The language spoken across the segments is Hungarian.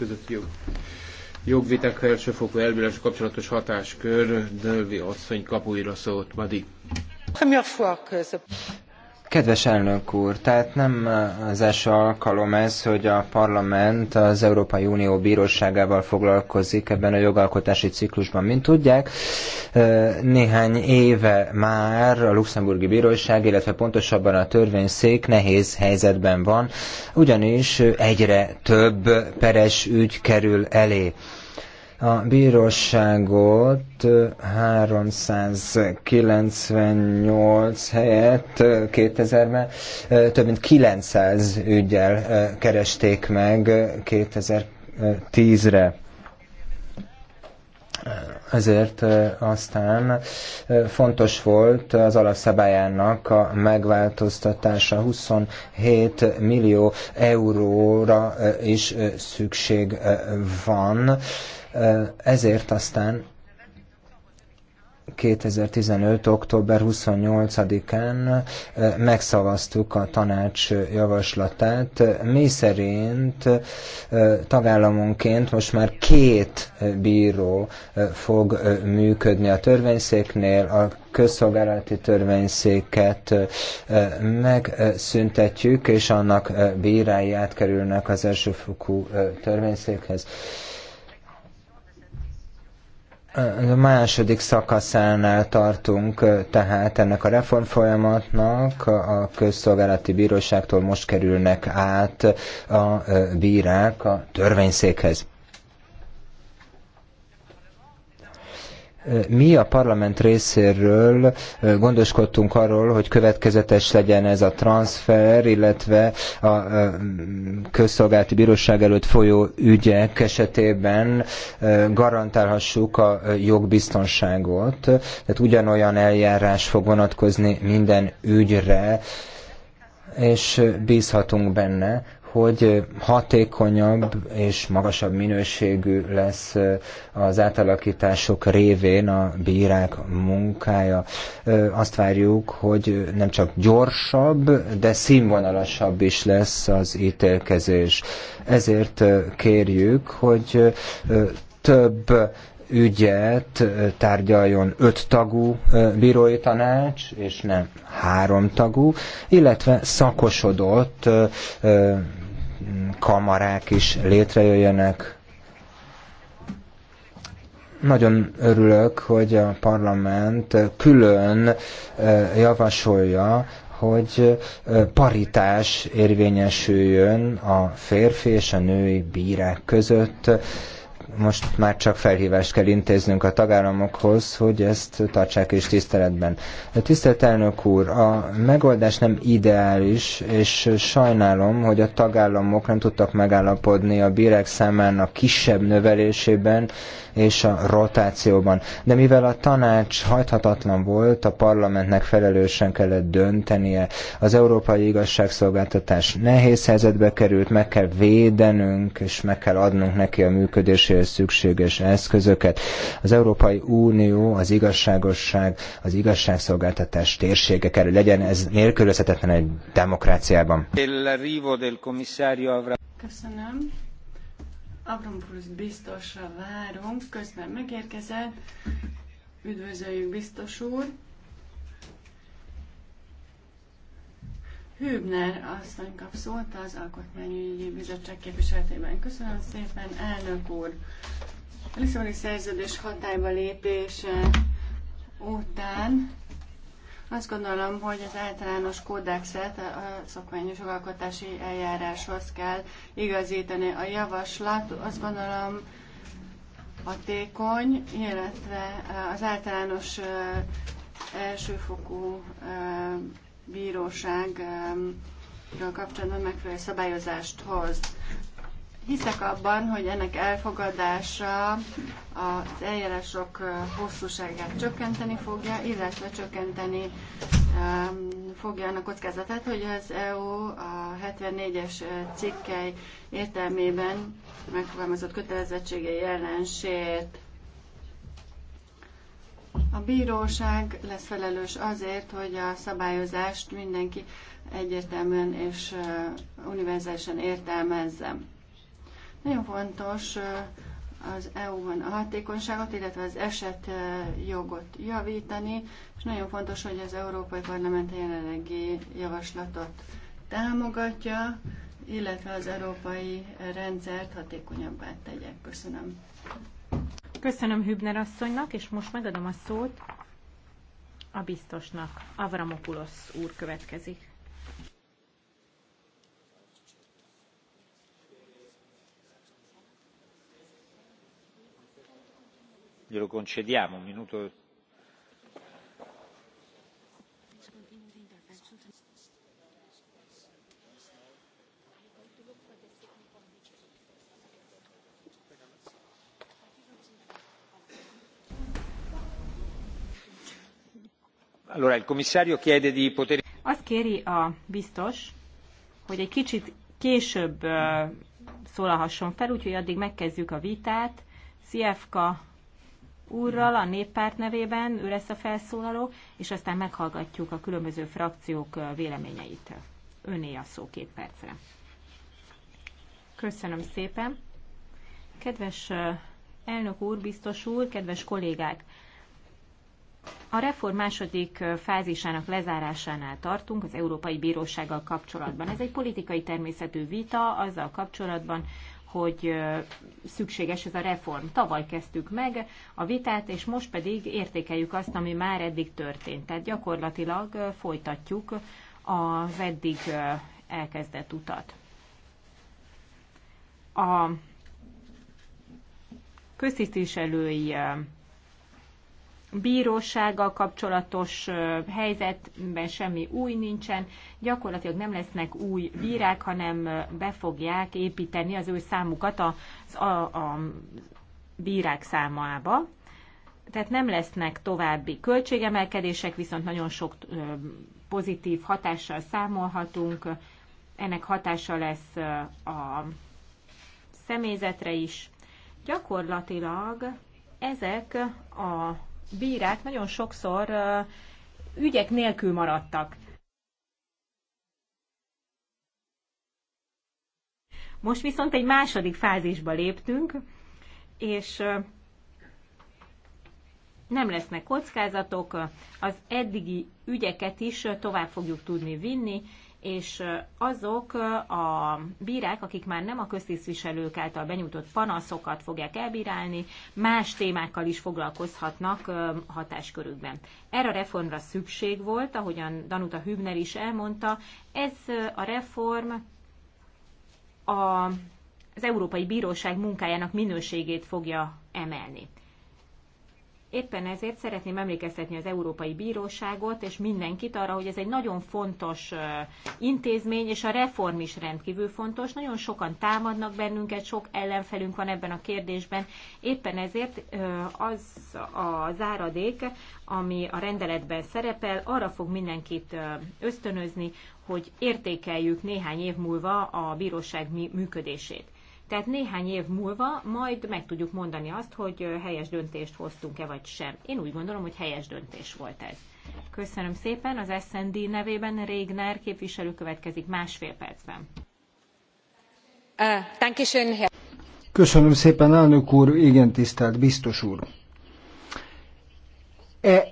között jog, jogvitek felsőfokú elbírás kapcsolatos hatáskör Dölvi asszony kapuira szólt, Madi. Kedves elnök úr, tehát nem az első alkalom ez, hogy a parlament az Európai Unió bíróságával foglalkozik ebben a jogalkotási ciklusban, mint tudják. Néhány éve már a luxemburgi bíróság, illetve pontosabban a törvényszék nehéz helyzetben van, ugyanis egyre több peres ügy kerül elé a bíróságot 398 helyett 2000-ben több mint 900 ügyel keresték meg 2010-re ezért aztán fontos volt az alapszabályának a megváltoztatása. 27 millió euróra is szükség van ezért aztán 2015. október 28-án megszavaztuk a tanács javaslatát, mi szerint tagállamonként most már két bíró fog működni a törvényszéknél, a közszolgálati törvényszéket megszüntetjük, és annak bírái átkerülnek az elsőfokú törvényszékhez. A második szakaszánál tartunk tehát ennek a reformfolyamatnak, a közszolgálati bíróságtól most kerülnek át a bírák a törvényszékhez. Mi a parlament részéről gondoskodtunk arról, hogy következetes legyen ez a transfer, illetve a közszolgálati bíróság előtt folyó ügyek esetében garantálhassuk a jogbiztonságot. Tehát ugyanolyan eljárás fog vonatkozni minden ügyre, és bízhatunk benne, hogy hatékonyabb és magasabb minőségű lesz az átalakítások révén a bírák munkája. Azt várjuk, hogy nem csak gyorsabb, de színvonalasabb is lesz az ítélkezés. Ezért kérjük, hogy több ügyet tárgyaljon öt tagú bírói tanács, és nem három tagú, illetve szakosodott kamarák is létrejöjjenek. Nagyon örülök, hogy a parlament külön eh, javasolja, hogy eh, paritás érvényesüljön a férfi és a női bírák között most már csak felhívást kell intéznünk a tagállamokhoz, hogy ezt tartsák is tiszteletben. Tisztelt elnök úr, a megoldás nem ideális, és sajnálom, hogy a tagállamok nem tudtak megállapodni a bírek számának kisebb növelésében és a rotációban. De mivel a tanács hajthatatlan volt, a parlamentnek felelősen kellett döntenie. Az Európai Igazságszolgáltatás nehéz helyzetbe került, meg kell védenünk, és meg kell adnunk neki a működéséhez szükséges eszközöket. Az Európai Unió az igazságosság, az igazságszolgáltatás térsége kerül. legyen ez nélkülözhetetlen egy demokráciában. Köszönöm. Avramopoulos biztosra várunk, közben megérkezett. Üdvözöljük, biztos úr! Hübner asszony kapszolta az Alkotmányügyi Bizottság képviseletében. Köszönöm szépen, elnök úr! A Lisszaboni szerződés hatályba lépése után azt gondolom, hogy az általános kódexet a szokványos jogalkotási eljáráshoz kell igazítani. A javaslat azt gondolom hatékony, illetve eh, az általános eh, elsőfokú eh, bíróság um, kapcsolatban megfelelő szabályozást hoz. Hiszek abban, hogy ennek elfogadása az eljárások uh, hosszúságát csökkenteni fogja, illetve csökkenteni um, fogja annak kockázatát, hogy az EU a 74-es uh, cikkely értelmében megfogalmazott kötelezettségei ellensért a bíróság lesz felelős azért, hogy a szabályozást mindenki egyértelműen és univerzálisan értelmezze. Nagyon fontos az EU-ban a hatékonyságot, illetve az eset jogot javítani, és nagyon fontos, hogy az Európai Parlament a jelenlegi javaslatot támogatja, illetve az európai rendszert hatékonyabbá tegyek. Köszönöm. Köszönöm Hübner asszonynak, és most megadom a szót a biztosnak. Avramopulos úr következik. glielo concediamo un minuto Azt kéri a biztos, hogy egy kicsit később szólalhasson fel, úgyhogy addig megkezdjük a vitát. Szievka úrral a néppárt nevében, ő lesz a felszólaló, és aztán meghallgatjuk a különböző frakciók véleményeit. Öné a szó két percre. Köszönöm szépen. Kedves elnök úr, biztos úr, kedves kollégák! A reform második fázisának lezárásánál tartunk az Európai Bírósággal kapcsolatban. Ez egy politikai természetű vita azzal kapcsolatban, hogy szükséges ez a reform. Tavaly kezdtük meg a vitát, és most pedig értékeljük azt, ami már eddig történt. Tehát gyakorlatilag folytatjuk az eddig elkezdett utat. A köztisztviselői bírósággal kapcsolatos helyzetben semmi új nincsen, gyakorlatilag nem lesznek új bírák, hanem be fogják építeni az ő számukat a, a, a bírák számába. Tehát nem lesznek további költségemelkedések, viszont nagyon sok pozitív hatással számolhatunk. Ennek hatása lesz a személyzetre is. Gyakorlatilag ezek a bírák nagyon sokszor ügyek nélkül maradtak. Most viszont egy második fázisba léptünk, és nem lesznek kockázatok, az eddigi ügyeket is tovább fogjuk tudni vinni, és azok a bírák, akik már nem a köztisztviselők által benyújtott panaszokat fogják elbírálni, más témákkal is foglalkozhatnak hatáskörükben. Erre a reformra szükség volt, ahogyan Danuta Hübner is elmondta, ez a reform a, az Európai Bíróság munkájának minőségét fogja emelni. Éppen ezért szeretném emlékeztetni az Európai Bíróságot és mindenkit arra, hogy ez egy nagyon fontos intézmény, és a reform is rendkívül fontos. Nagyon sokan támadnak bennünket, sok ellenfelünk van ebben a kérdésben. Éppen ezért az a záradék, ami a rendeletben szerepel, arra fog mindenkit ösztönözni, hogy értékeljük néhány év múlva a bíróság működését. Tehát néhány év múlva majd meg tudjuk mondani azt, hogy helyes döntést hoztunk-e vagy sem. Én úgy gondolom, hogy helyes döntés volt ez. Köszönöm szépen. Az SND nevében Régner képviselő következik másfél percben. Köszönöm szépen, elnök úr, igen tisztelt biztos úr. E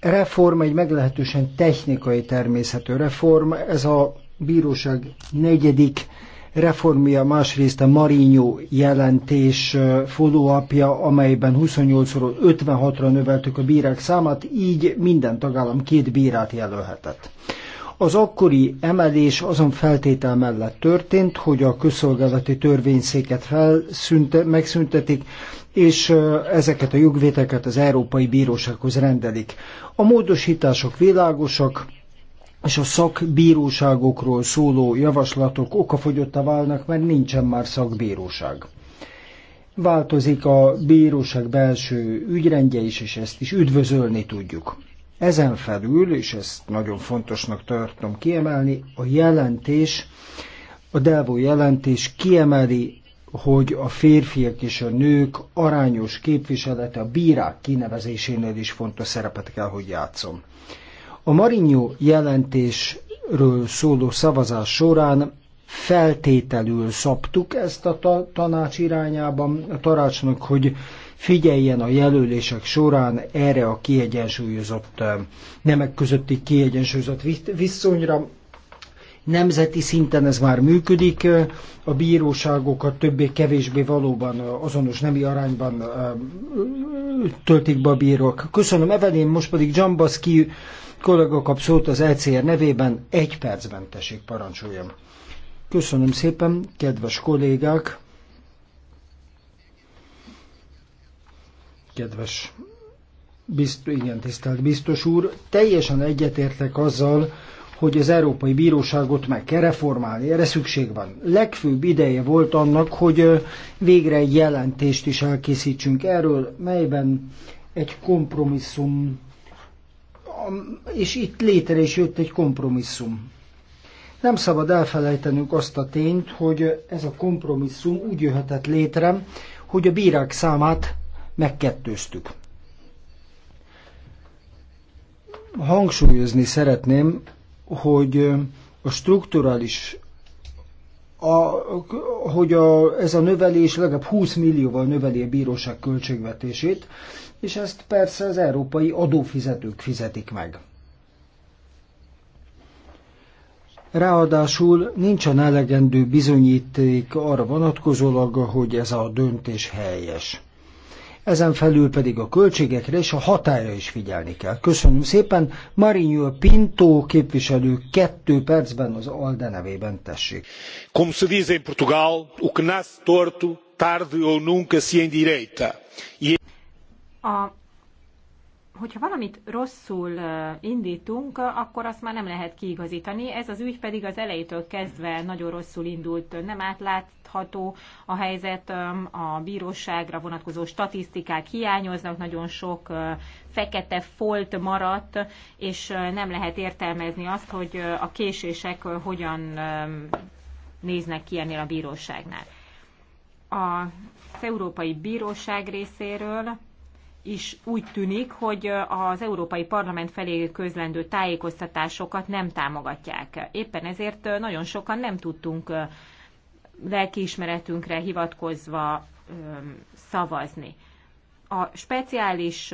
reform egy meglehetősen technikai természetű reform, ez a bíróság negyedik reformja, másrészt a Marinho jelentés follow amelyben 28-ról 56-ra növeltük a bírák számát, így minden tagállam két bírát jelölhetett. Az akkori emelés azon feltétel mellett történt, hogy a közszolgálati törvényszéket felszünte, megszüntetik, és ezeket a jogvéteket az Európai Bírósághoz rendelik. A módosítások világosak, és a szakbíróságokról szóló javaslatok okafogyotta válnak, mert nincsen már szakbíróság. Változik a bíróság belső ügyrendje is, és ezt is üdvözölni tudjuk. Ezen felül, és ezt nagyon fontosnak tartom kiemelni, a jelentés, a Delvo jelentés kiemeli, hogy a férfiak és a nők arányos képviselete a bírák kinevezésénél is fontos szerepet kell, hogy játszom. A Marinyó jelentésről szóló szavazás során feltételül szabtuk ezt a ta- tanács irányában, a tanácsnak, hogy figyeljen a jelölések során erre a kiegyensúlyozott, nemek közötti kiegyensúlyozott viszonyra. Nemzeti szinten ez már működik, a bíróságokat többé-kevésbé valóban azonos nemi arányban töltik be a bírók. Köszönöm Evelyn, most pedig Dzsambaszki kollega kap szót az ECR nevében, egy percben tessék parancsoljam. Köszönöm szépen, kedves kollégák, kedves biztos, igen, tisztelt biztos úr, teljesen egyetértek azzal, hogy az Európai Bíróságot meg kell reformálni, erre szükség van. Legfőbb ideje volt annak, hogy végre egy jelentést is elkészítsünk erről, melyben egy kompromisszum és itt létre is jött egy kompromisszum. Nem szabad elfelejtenünk azt a tényt, hogy ez a kompromisszum úgy jöhetett létre, hogy a bírák számát megkettőztük. Hangsúlyozni szeretném, hogy a strukturális a, hogy a, ez a növelés legalább 20 millióval növeli a bíróság költségvetését, és ezt persze az európai adófizetők fizetik meg. Ráadásul nincsen elegendő bizonyíték arra vonatkozólag, hogy ez a döntés helyes ezen felül pedig a költségekre és a hatája is figyelni kell. Köszönöm szépen. Marinho Pinto képviselő kettő percben az ALDE nevében tessék. Como se diz em Portugal, o que nasce torto, tarde ou nunca se endireita. E- a hogyha valamit rosszul indítunk, akkor azt már nem lehet kiigazítani. Ez az ügy pedig az elejétől kezdve nagyon rosszul indult, nem átlátható a helyzet, a bíróságra vonatkozó statisztikák hiányoznak, nagyon sok fekete folt maradt, és nem lehet értelmezni azt, hogy a késések hogyan néznek ki ennél a bíróságnál. Az Európai Bíróság részéről is úgy tűnik, hogy az Európai Parlament felé közlendő tájékoztatásokat nem támogatják. Éppen ezért nagyon sokan nem tudtunk lelkiismeretünkre hivatkozva szavazni. A speciális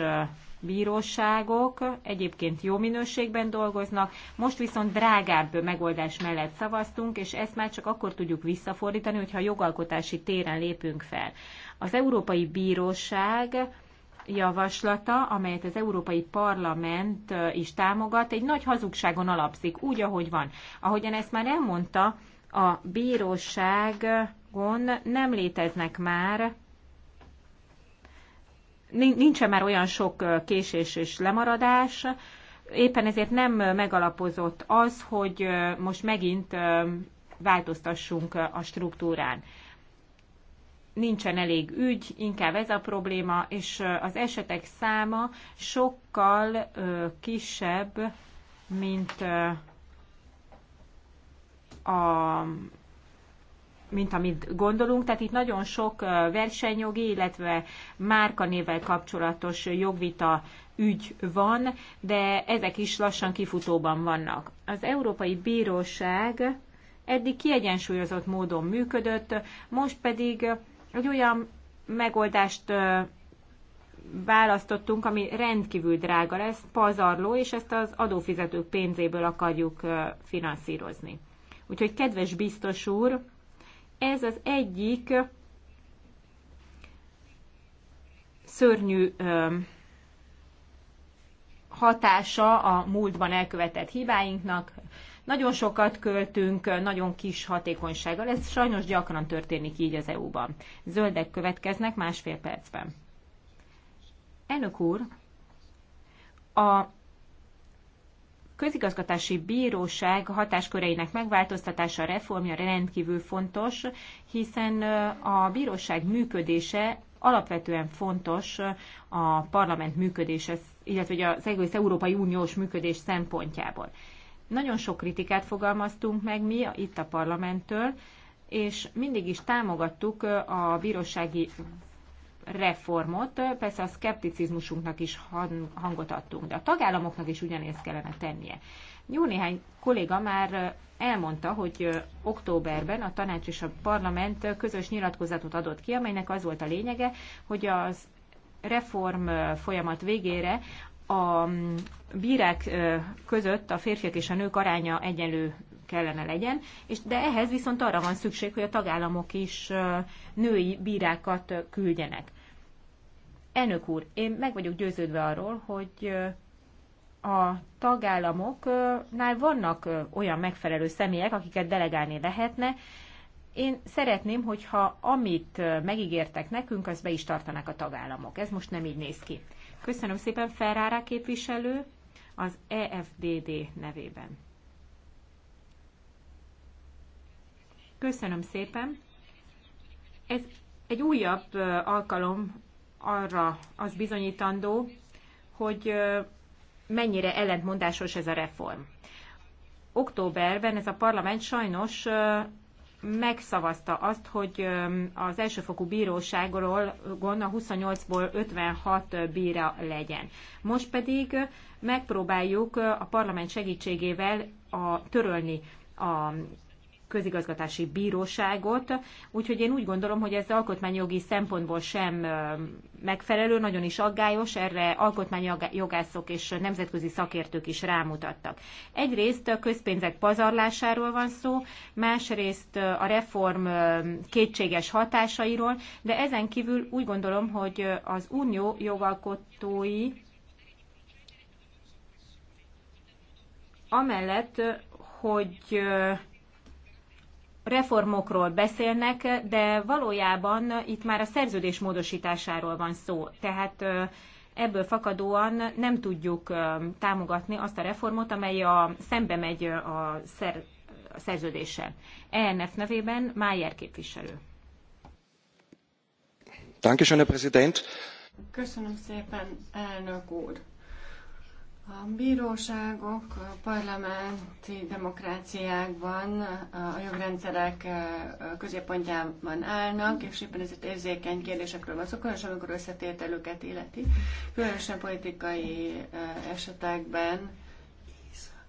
bíróságok egyébként jó minőségben dolgoznak, most viszont drágább megoldás mellett szavaztunk, és ezt már csak akkor tudjuk visszafordítani, hogyha jogalkotási téren lépünk fel. Az Európai Bíróság javaslata, amelyet az Európai Parlament is támogat, egy nagy hazugságon alapszik, úgy, ahogy van. Ahogyan ezt már elmondta, a bíróságon nem léteznek már nincsen már olyan sok késés és lemaradás, éppen ezért nem megalapozott az, hogy most megint változtassunk a struktúrán nincsen elég ügy, inkább ez a probléma, és az esetek száma sokkal kisebb, mint a mint amit gondolunk, tehát itt nagyon sok versenyjogi, illetve márkanével kapcsolatos jogvita ügy van, de ezek is lassan kifutóban vannak. Az Európai Bíróság eddig kiegyensúlyozott módon működött, most pedig egy olyan megoldást választottunk, ami rendkívül drága lesz, pazarló, és ezt az adófizetők pénzéből akarjuk finanszírozni. Úgyhogy kedves biztos úr, ez az egyik szörnyű hatása a múltban elkövetett hibáinknak, nagyon sokat költünk, nagyon kis hatékonysággal. Ez sajnos gyakran történik így az EU-ban. Zöldek következnek másfél percben. Elnök úr, a közigazgatási bíróság hatásköreinek megváltoztatása, reformja rendkívül fontos, hiszen a bíróság működése alapvetően fontos a parlament működése, illetve az egész Európai Uniós működés szempontjából. Nagyon sok kritikát fogalmaztunk meg mi itt a parlamenttől, és mindig is támogattuk a bírósági reformot, persze a szkepticizmusunknak is hangot adtunk, de a tagállamoknak is ugyanezt kellene tennie. Jó néhány kolléga már elmondta, hogy októberben a tanács és a parlament közös nyilatkozatot adott ki, amelynek az volt a lényege, hogy az reform folyamat végére a bírák között a férfiak és a nők aránya egyenlő kellene legyen, és de ehhez viszont arra van szükség, hogy a tagállamok is női bírákat küldjenek. Elnök úr, én meg vagyok győződve arról, hogy a tagállamoknál vannak olyan megfelelő személyek, akiket delegálni lehetne. Én szeretném, hogyha amit megígértek nekünk, azt be is tartanák a tagállamok. Ez most nem így néz ki. Köszönöm szépen Ferrara képviselő az EFDD nevében. Köszönöm szépen. Ez egy újabb alkalom arra az bizonyítandó, hogy mennyire ellentmondásos ez a reform. Októberben ez a parlament sajnos megszavazta azt, hogy az elsőfokú bíróságról a 28-ból 56 bíra legyen. Most pedig megpróbáljuk a parlament segítségével a, törölni a közigazgatási bíróságot, úgyhogy én úgy gondolom, hogy ez alkotmányjogi szempontból sem megfelelő, nagyon is aggályos, erre alkotmányjogászok és nemzetközi szakértők is rámutattak. Egyrészt közpénzek pazarlásáról van szó, másrészt a reform kétséges hatásairól, de ezen kívül úgy gondolom, hogy az unió jogalkotói amellett, hogy reformokról beszélnek, de valójában itt már a szerződés módosításáról van szó. Tehát ebből fakadóan nem tudjuk támogatni azt a reformot, amely a, szembe megy a, szer, a szerződéssel. ENF nevében Májer képviselő. Köszönöm szépen, elnök úr! A bíróságok a parlamenti demokráciákban a jogrendszerek középpontjában állnak, és éppen ezért érzékeny kérdésekről van szokon, és amikor összetételüket illeti, különösen politikai esetekben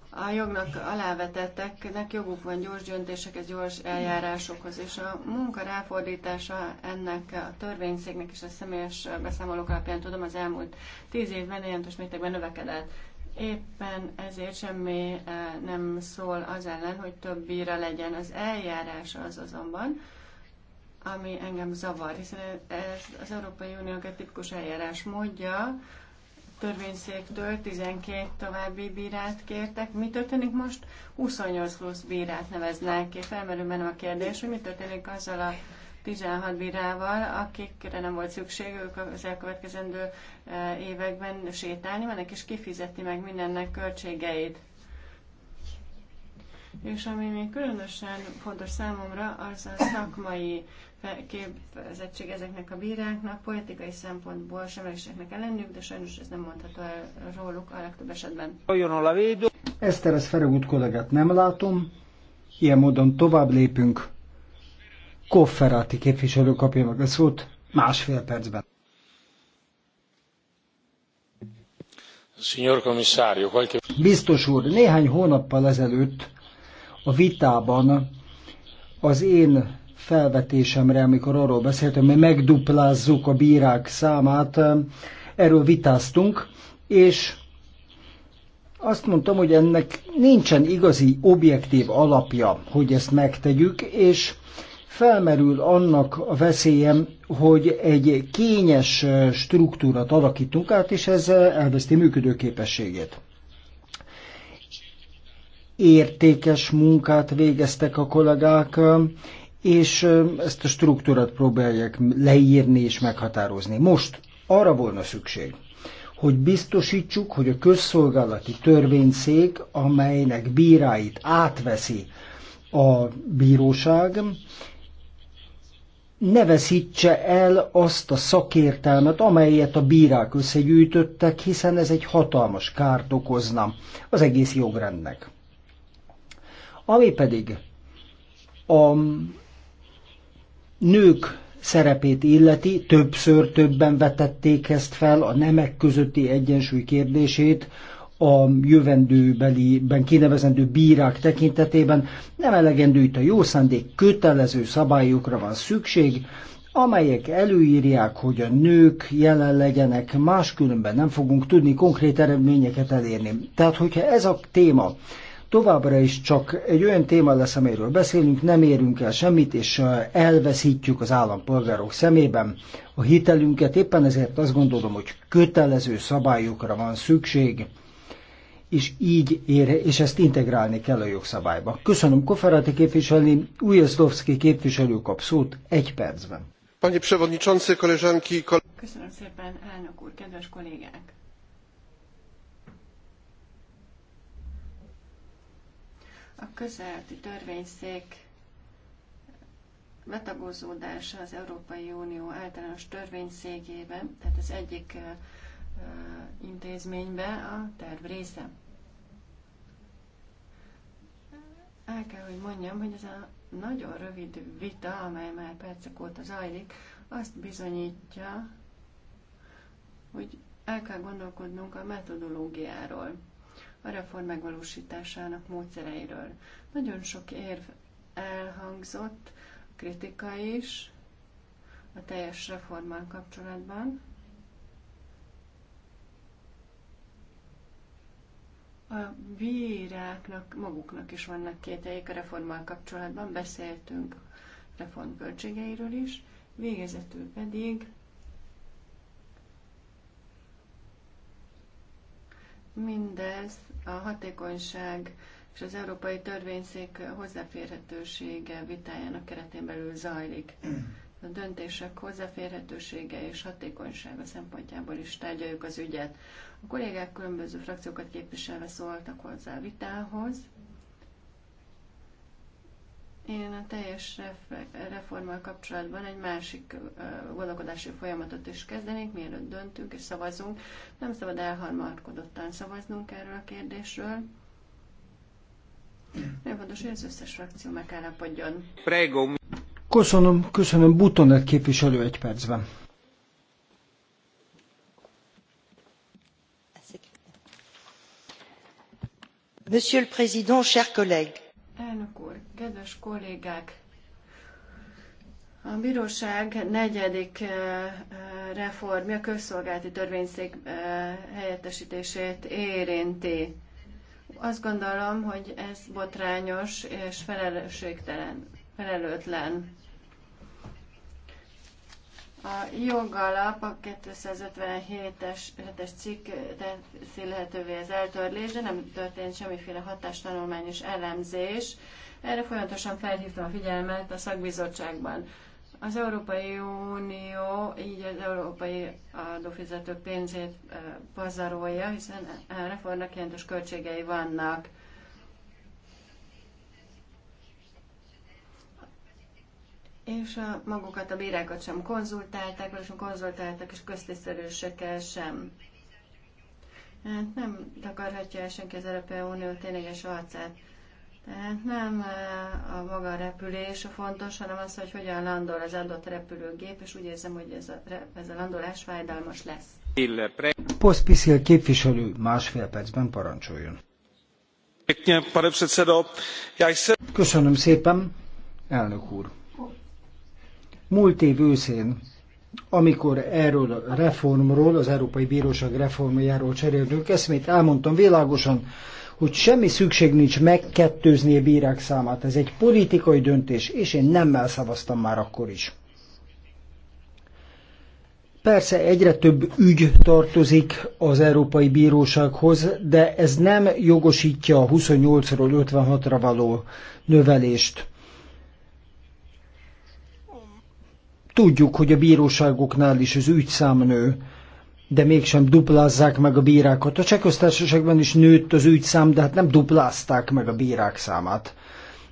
a jognak alávetetteknek joguk van gyors döntésekhez, gyors eljárásokhoz, és a munka ráfordítása ennek a törvényszéknek és a személyes beszámolók alapján tudom az elmúlt tíz évben jelentős mértékben növekedett. Éppen ezért semmi eh, nem szól az ellen, hogy több bíra legyen. Az eljárás az azonban, ami engem zavar, hiszen ez az Európai Uniónak egy tipikus eljárás módja, törvényszéktől 12 további bírát kértek. Mi történik most? 28 plusz bírát neveznek ki. Felmerül bennem a kérdés, hogy mi történik azzal a 16 bírával, akikre nem volt szükségük az elkövetkezendő e, években sétálni, mennek is kifizetni meg mindennek költségeit. És ami még különösen fontos számomra, az a szakmai képzettség ezeknek a bíráknak, politikai szempontból semlegeseknek kell lennünk, de sajnos ez nem mondható el róluk a legtöbb esetben. Eszter, ez Feregut kollégát nem látom, ilyen módon tovább lépünk. Kofferati képviselő kapja meg a szót másfél percben. Biztos úr, néhány hónappal ezelőtt a vitában az én felvetésemre, amikor arról beszéltem, hogy megduplázzuk a bírák számát, erről vitáztunk, és azt mondtam, hogy ennek nincsen igazi objektív alapja, hogy ezt megtegyük, és felmerül annak a veszélyem, hogy egy kényes struktúrát alakítunk át, és ez elveszti működőképességét. Értékes munkát végeztek a kollégák, és ezt a struktúrát próbálják leírni és meghatározni. Most arra volna szükség, hogy biztosítsuk, hogy a közszolgálati törvényszék, amelynek bíráit átveszi a bíróság, ne veszítse el azt a szakértelmet, amelyet a bírák összegyűjtöttek, hiszen ez egy hatalmas kárt okozna az egész jogrendnek. Ami pedig a nők szerepét illeti, többször többen vetették ezt fel, a nemek közötti egyensúly kérdését, a jövendőbeliben kinevezendő bírák tekintetében nem elegendő itt a jó szándék, kötelező szabályokra van szükség, amelyek előírják, hogy a nők jelen legyenek, máskülönben nem fogunk tudni konkrét eredményeket elérni. Tehát, hogyha ez a téma továbbra is csak egy olyan téma lesz, amiről beszélünk, nem érünk el semmit, és elveszítjük az állampolgárok szemében a hitelünket, éppen ezért azt gondolom, hogy kötelező szabályokra van szükség, és így ére, és ezt integrálni kell a jogszabályba. Köszönöm Koferati képviselni, Ujjaszlovszki képviselő kap szót egy percben. Panie Przewodniczący, koleżanki, kol- Köszönöm szépen, elnök úr, kedves kollégák! A közelti törvényszék betagozódása az Európai Unió általános törvényszégében, tehát az egyik uh, intézménybe a terv része. El kell, hogy mondjam, hogy ez a nagyon rövid vita, amely már percek óta zajlik, azt bizonyítja, hogy el kell gondolkodnunk a metodológiáról, a reform megvalósításának módszereiről. Nagyon sok érv elhangzott, kritika is a teljes reformmal kapcsolatban. A bíráknak maguknak is vannak kételjék a reformmal kapcsolatban, beszéltünk reform költségeiről is, végezetül pedig mindez a hatékonyság és az Európai Törvényszék hozzáférhetősége vitájának keretén belül zajlik a döntések hozzáférhetősége és hatékonysága szempontjából is tárgyaljuk az ügyet. A kollégák különböző frakciókat képviselve szóltak hozzá a vitához. Én a teljes reformmal kapcsolatban egy másik gondolkodási folyamatot is kezdenék, mielőtt döntünk és szavazunk. Nem szabad elharmarkodottan szavaznunk erről a kérdésről. Nagyon fontos, hogy az összes frakció megállapodjon. Prego. Köszönöm, köszönöm. Butonet képviselő egy percben. Monsieur le Président, chers collègues. Elnök úr, kedves kollégák! A bíróság negyedik eh, eh, reformja közszolgálati törvényszék eh, helyettesítését érinti. Azt gondolom, hogy ez botrányos és felelősségtelen felelőtlen. A jogalap a 257-es cikk teszi lehetővé az eltörlés, de nem történt semmiféle hatástanulmány és elemzés. Erre folyamatosan felhívtam a figyelmet a szakbizottságban. Az Európai Unió így az európai adófizetők pénzét pazarolja, hiszen a reformnak jelentős költségei vannak. és a, magukat, a bírákat sem konzultálták, vagy sem konzultáltak, és köztisztelősekkel sem. Hát nem takarhatja el senki az Európai Unió tényleges arcát. Tehát nem eh, a maga a repülés a fontos, hanem az, hogy hogyan landol az adott repülőgép, és úgy érzem, hogy ez a, ez a landolás fájdalmas lesz. Poszpiszil képviselő másfél percben parancsoljon. Köszönöm szépen, elnök úr. Múlt év őszén, amikor erről a reformról, az Európai Bíróság reformjáról cseréltünk eszmét, elmondtam világosan, hogy semmi szükség nincs megkettőzni a bírák számát. Ez egy politikai döntés, és én nem elszavaztam már akkor is. Persze egyre több ügy tartozik az Európai Bírósághoz, de ez nem jogosítja a 28-ról 56-ra való növelést. Tudjuk, hogy a bíróságoknál is az ügyszám nő, de mégsem duplázzák meg a bírákat. A csekköztársaságban is nőtt az ügyszám, de hát nem duplázták meg a bírák számát.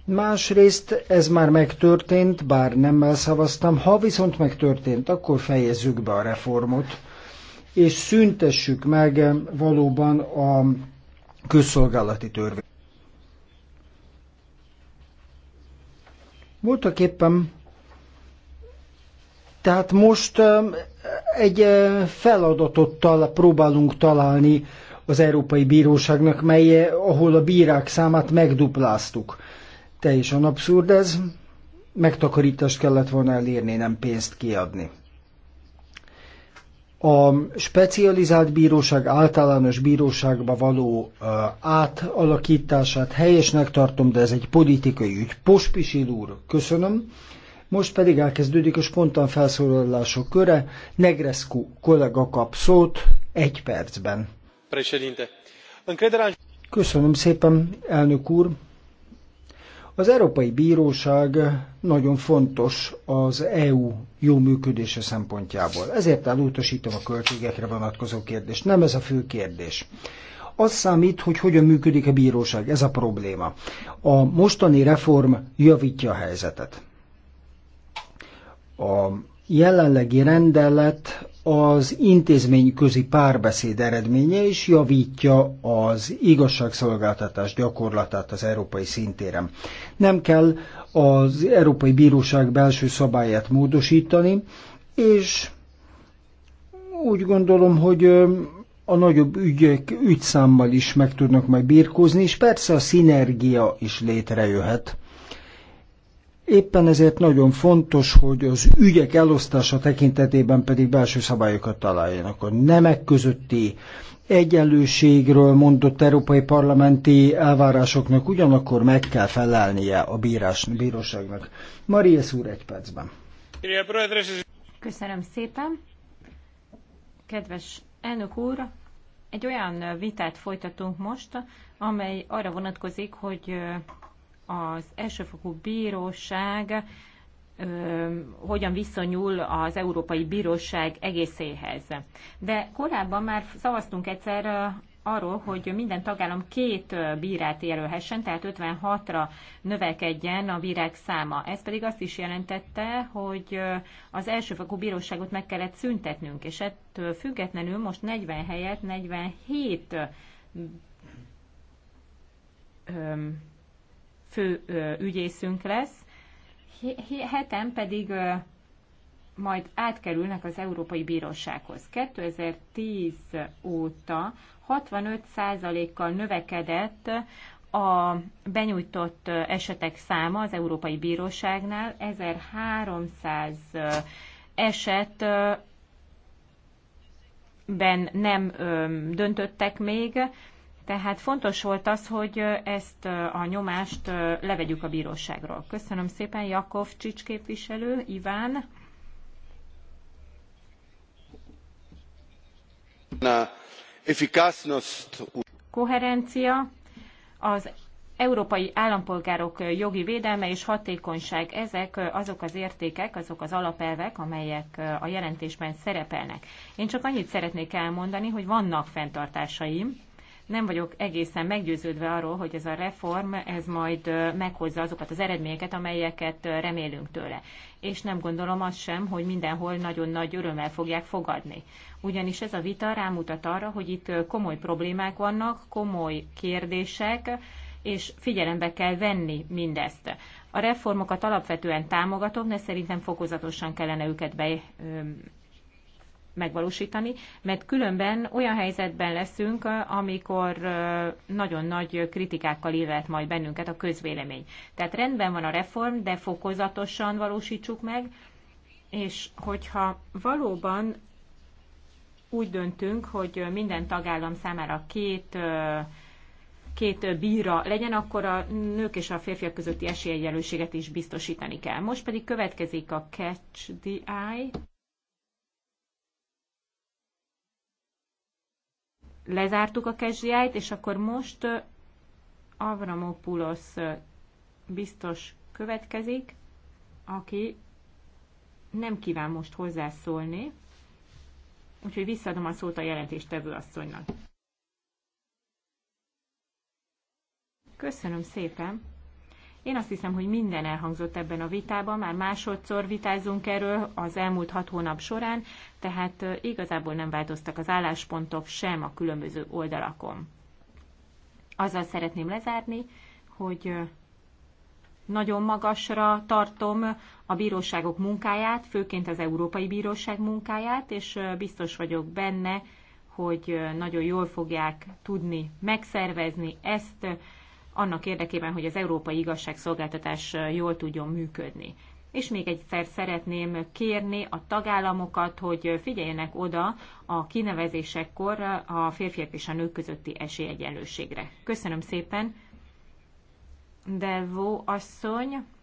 Másrészt ez már megtörtént, bár nem elszavaztam, ha viszont megtörtént, akkor fejezzük be a reformot, és szüntessük meg valóban a közszolgálati törvényt. Voltak éppen tehát most egy tal- próbálunk találni az Európai Bíróságnak, mely, ahol a bírák számát megdupláztuk. Teljesen abszurd ez, megtakarítást kellett volna elérni, nem pénzt kiadni. A specializált bíróság általános bíróságba való átalakítását helyesnek tartom, de ez egy politikai ügy. Pospisil úr, köszönöm. Most pedig elkezdődik a spontán felszólalások köre. Negrescu kollega kap szót egy percben. Köszönöm szépen, elnök úr. Az Európai Bíróság nagyon fontos az EU jó működése szempontjából. Ezért elutasítom a költségekre vonatkozó kérdést. Nem ez a fő kérdés. Az számít, hogy hogyan működik a bíróság, ez a probléma. A mostani reform javítja a helyzetet. A jelenlegi rendelet az intézményközi párbeszéd eredménye is javítja az igazságszolgáltatás gyakorlatát az európai szintéren. Nem kell az Európai Bíróság belső szabályát módosítani, és úgy gondolom, hogy a nagyobb ügyek ügyszámmal is meg tudnak majd birkózni, és persze a szinergia is létrejöhet Éppen ezért nagyon fontos, hogy az ügyek elosztása tekintetében pedig belső szabályokat találjanak. A nemek közötti egyenlőségről mondott európai parlamenti elvárásoknak ugyanakkor meg kell felelnie a bírás, bíróságnak. Maria úr egy percben. Köszönöm szépen. Kedves elnök úr, egy olyan vitát folytatunk most, amely arra vonatkozik, hogy az elsőfokú bíróság ö, hogyan viszonyul az Európai Bíróság egészéhez. De korábban már szavaztunk egyszer arról, hogy minden tagállam két bírát jelölhessen, tehát 56-ra növekedjen a bírák száma. Ez pedig azt is jelentette, hogy az elsőfokú bíróságot meg kellett szüntetnünk, és ettől függetlenül most 40 helyett 47 fő ügyészünk lesz, heten pedig majd átkerülnek az Európai Bírósághoz. 2010 óta 65%-kal növekedett a benyújtott esetek száma az Európai Bíróságnál, 1300 eset ben nem döntöttek még, tehát fontos volt az, hogy ezt a nyomást levegyük a bíróságról. Köszönöm szépen, Jakov Csics képviselő, Iván. Koherencia, az európai állampolgárok jogi védelme és hatékonyság, ezek azok az értékek, azok az alapelvek, amelyek a jelentésben szerepelnek. Én csak annyit szeretnék elmondani, hogy vannak fenntartásaim, nem vagyok egészen meggyőződve arról, hogy ez a reform, ez majd meghozza azokat az eredményeket, amelyeket remélünk tőle. És nem gondolom azt sem, hogy mindenhol nagyon nagy örömmel fogják fogadni. Ugyanis ez a vita rámutat arra, hogy itt komoly problémák vannak, komoly kérdések, és figyelembe kell venni mindezt. A reformokat alapvetően támogatom, de szerintem fokozatosan kellene őket be megvalósítani, mert különben olyan helyzetben leszünk, amikor nagyon nagy kritikákkal illet majd bennünket a közvélemény. Tehát rendben van a reform, de fokozatosan valósítsuk meg, és hogyha valóban úgy döntünk, hogy minden tagállam számára két két bíra legyen, akkor a nők és a férfiak közötti esélyegyenlőséget is biztosítani kell. Most pedig következik a Catch the Eye. lezártuk a kezsiáit, és akkor most Avramopoulos biztos következik, aki nem kíván most hozzászólni, úgyhogy visszaadom a szót a jelentéstevő asszonynak. Köszönöm szépen! Én azt hiszem, hogy minden elhangzott ebben a vitában, már másodszor vitázunk erről az elmúlt hat hónap során, tehát igazából nem változtak az álláspontok sem a különböző oldalakon. Azzal szeretném lezárni, hogy nagyon magasra tartom a bíróságok munkáját, főként az Európai Bíróság munkáját, és biztos vagyok benne, hogy nagyon jól fogják tudni megszervezni ezt, annak érdekében, hogy az európai igazságszolgáltatás jól tudjon működni. És még egyszer szeretném kérni a tagállamokat, hogy figyeljenek oda a kinevezésekkor a férfiak és a nők közötti esélyegyenlőségre. Köszönöm szépen! Delvó asszony,